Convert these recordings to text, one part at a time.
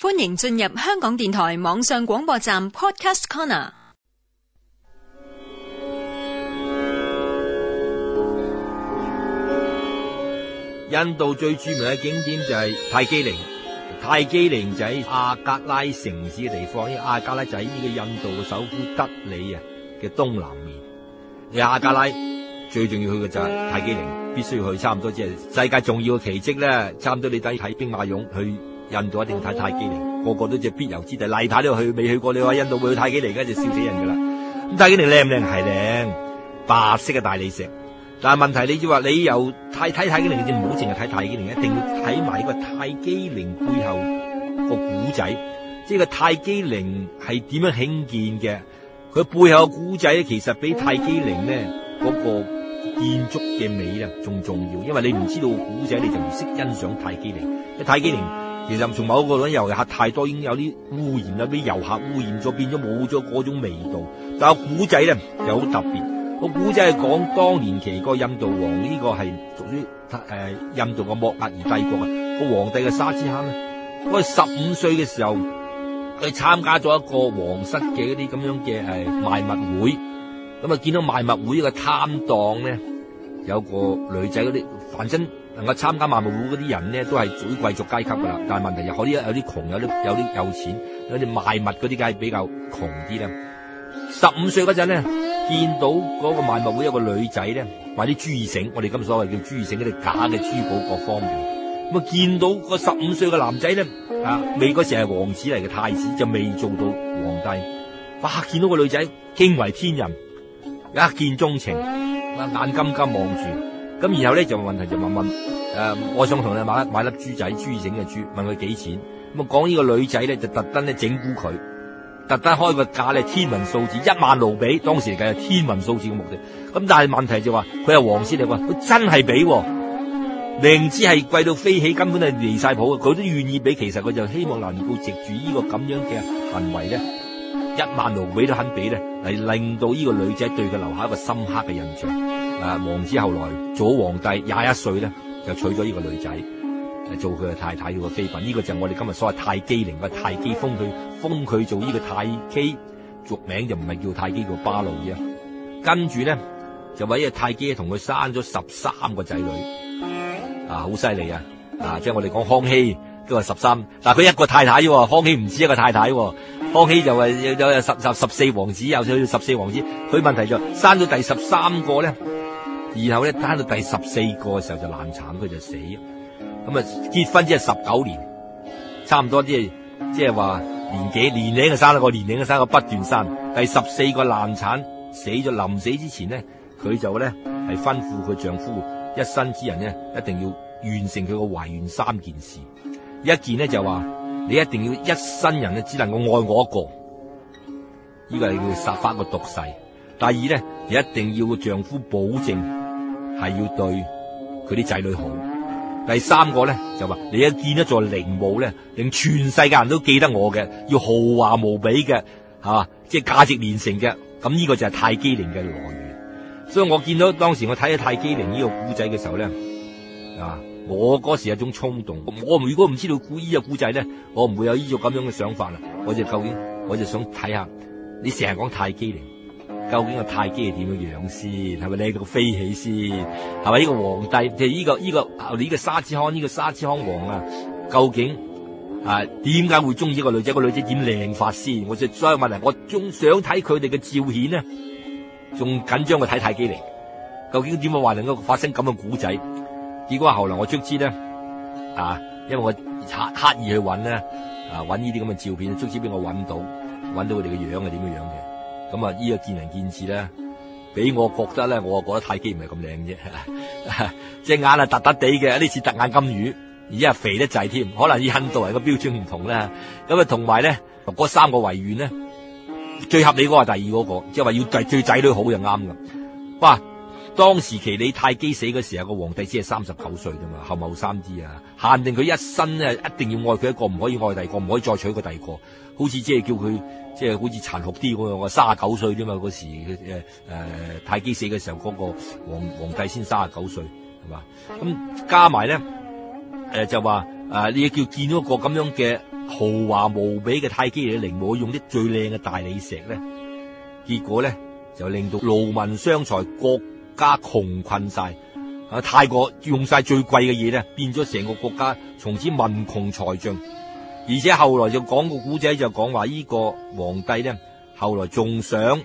歡迎進入香港電台網上廣播站 Podcast Corner。印度最著名嘅景點就係泰姬陵，泰姬陵就喺阿格拉城市嘅地方，因為阿格拉就喺呢個印度嘅首府德里啊嘅東南面。你、嗯、阿格拉最重要去嘅就係泰姬陵，必須要去，差唔多即係世界重要嘅奇蹟咧，差唔多你睇睇兵馬俑去。印度一定睇泰姬陵，個個都知必遊之地。麗太都去未去過，你話印度會去泰姬陵嘅就笑死人噶啦。咁泰姬陵靚唔靚係靚，白色嘅大理石。但係問題，你話你由睇睇泰姬陵，你唔好淨係睇泰姬陵，一定要睇埋呢個泰姬陵背後個古仔。即係個泰姬陵係點樣興建嘅，佢背後嘅古仔其實比泰姬陵咧嗰個建築嘅美啊仲重要，因為你唔知道古仔，你就唔識欣賞泰姬陵。泰姬陵。其實從某個旅遊客太多，已經有啲污染啦，俾遊客污染咗，變咗冇咗嗰種味道。但係古仔咧又好特別，個古仔係講當年期個印度王，呢、這個係屬於誒印度個莫克爾帝國啊、那個皇帝嘅沙之坑咧，佢、那個、十五歲嘅時候佢參加咗一個皇室嘅一啲咁樣嘅係賣物會，咁啊見到賣物會個檔呢個攤檔咧。有個女仔嗰啲，反正能夠參加賣物會嗰啲人咧，都係屬於貴族階級噶啦。但係問題又可啲有啲窮，有啲有啲有，有錢，有啲賣物嗰啲梗係比較窮啲啦。十五歲嗰陣咧，見到嗰個賣物會有個女仔咧，或啲朱義盛，我哋今所謂叫朱義盛嗰啲假嘅珠寶各方面。咁啊見到個十五歲嘅男仔咧，啊未嗰時係王子嚟嘅，太子，就未做到皇帝。哇！見到個女仔驚為天人，一見鍾情。眼金金望住，咁然後咧就問題就問問，誒、呃，我想同你買買粒珠仔，珠整嘅珠，問佢幾錢？咁、嗯、講呢個女仔咧就特登咧整蠱佢，特登開個價咧天文數字，一萬盧比，當時嚟計係天文數字嘅目的。咁、嗯、但係問題就話，佢係黃師就話，佢真係俾、啊，明知係貴到飛起，根本係離晒譜，佢都願意俾。其實佢就希望能夠藉住呢個咁樣嘅行為咧。一萬盧比都肯俾咧，嚟令到呢個女仔對佢留下一個深刻嘅印象。誒，王子後來做皇帝廿一歲咧，就娶咗呢個女仔嚟做佢嘅太太的，呢個妃嬪。呢個就我哋今日所謂泰姬陵嘅泰姬，封佢封佢做呢個泰姬，俗名就唔係叫泰姬，叫巴魯啫。跟住咧就話呢個泰姬同佢生咗十三個仔女，啊好犀利啊！啊，即係我哋講康熙都話十三，但係佢一個太太，啊、康熙唔止一個太太。啊康熙就話有有十十十四王子，又有十四王子。佢問題就生到第十三個咧，然後咧生到第十四個嘅時候就難產，佢就死。咁啊結婚即係十九年，差唔多即係即係話年紀年齡啊生一個，年齡啊生一個，不斷生。第十四個難產死咗，臨死之前呢，佢就咧係吩咐佢丈夫一生之人呢，一定要完成佢個遺願三件事。一件呢就話。你一定要一生人咧，只能夠愛我一個。呢、這個係叫殺翻個毒誓。第二咧，你一定要個丈夫保證係要對佢啲仔女好。第三個咧就話，你一建一座陵墓咧，令全世界人都記得我嘅，要豪華無比嘅，吓，即係價值連城嘅。咁、這、呢個就係泰姬陵嘅來源。所以我見到當時我睇咗《泰姬陵》呢個古仔嘅時候咧，啊。我嗰時有種衝動，我如果唔知道故衣嘅古仔咧，我唔會有依種咁樣嘅想法啦。我就究竟，我就想睇下你成日講泰姬陵，究竟個泰姬係點嘅樣先，係咪靚到飛起先？係咪呢個皇帝即係呢個呢、呢個呢、呢個呢個呢個沙之康呢個沙之康王啊？究竟啊點解會中意呢個女仔？個女仔點靚法先？我就係所有問題，我仲想睇佢哋嘅照片呢？仲緊張去睇泰姬陵，究竟點啊話能夠發生咁嘅古仔？結果後來我卒之咧，啊，因為我刻意去揾咧，啊，揾呢啲咁嘅照片，卒之俾我揾到，揾到佢哋嘅樣係點嘅樣嘅，咁、嗯、啊、呢、這個見仁見智啦，俾我覺得咧，我啊覺得泰姬唔係咁靚啫，隻、啊、眼係突突地嘅，呢次突眼金魚，而且係肥得滯添，可能以印度人嘅標準唔同啦，咁啊同埋咧，嗰三個遺願咧，最合理嗰個係第二、那個即係話要對最仔女好就啱噶，哇！當時期你泰姬死嘅時候，個皇帝只係三十九歲啫嘛，後母三子啊，限定佢一生咧，一定要愛佢一個，唔可以愛第二個，唔可以再娶個第二個，個，好似即係叫佢即係好似殘酷啲嗰樣，我三十九歲啫嘛，嗰時誒誒、呃、泰姬死嘅時候，嗰、那個皇皇帝先三十九歲係嘛？咁加埋咧誒就話誒、呃、你叫建到個咁樣嘅豪華無比嘅泰姬嚟嘅陵墓，用啲最靚嘅大理石咧，結果咧就令到勞民傷財國。家窮困晒，太過用晒最貴嘅嘢咧，變咗成個國家從此民窮財盡。而且後來就講個古仔，就講話呢個皇帝咧，後來仲想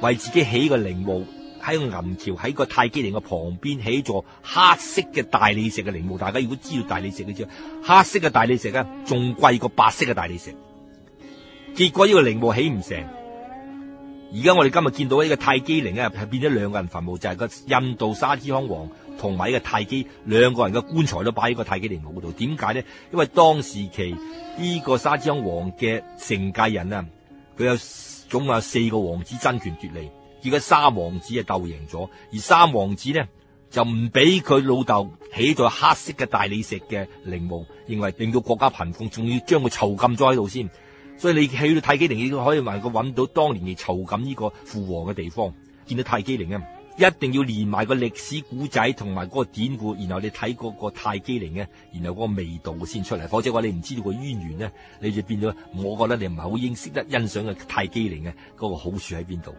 為自己起個陵墓喺個銀橋，喺個泰姬陵嘅旁邊起座黑色嘅大理石嘅陵墓。大家如果知道大理石嘅，知黑色嘅大理石咧，仲貴過白色嘅大理石。結果呢個陵墓起唔成。而家我哋今日見到呢個泰姬陵咧，係變咗兩個人墳墓，就係、是、個印度沙之康王同埋呢個泰姬兩個人嘅棺材都擺喺個泰姬陵墓度。點解咧？因為當時期呢個沙之康王嘅承繼人啊，佢有總共有四個王子爭權奪利，結果三王子啊鬥贏咗，而三王子咧就唔俾佢老豆起咗黑色嘅大理石嘅陵墓，認為令到國家貧窮，仲要將佢囚禁咗喺度先。所以你去到泰姬陵，你都可以話佢揾到當年嘅囚禁呢個父王嘅地方，見到泰姬陵啊，一定要連埋個歷史古仔同埋嗰個典故，然後你睇嗰個泰姬陵嘅，然後嗰個味道先出嚟。否則話你唔知道個淵源咧，你就變咗，我覺得你唔係好應識得欣賞嘅泰姬陵嘅嗰個好處喺邊度。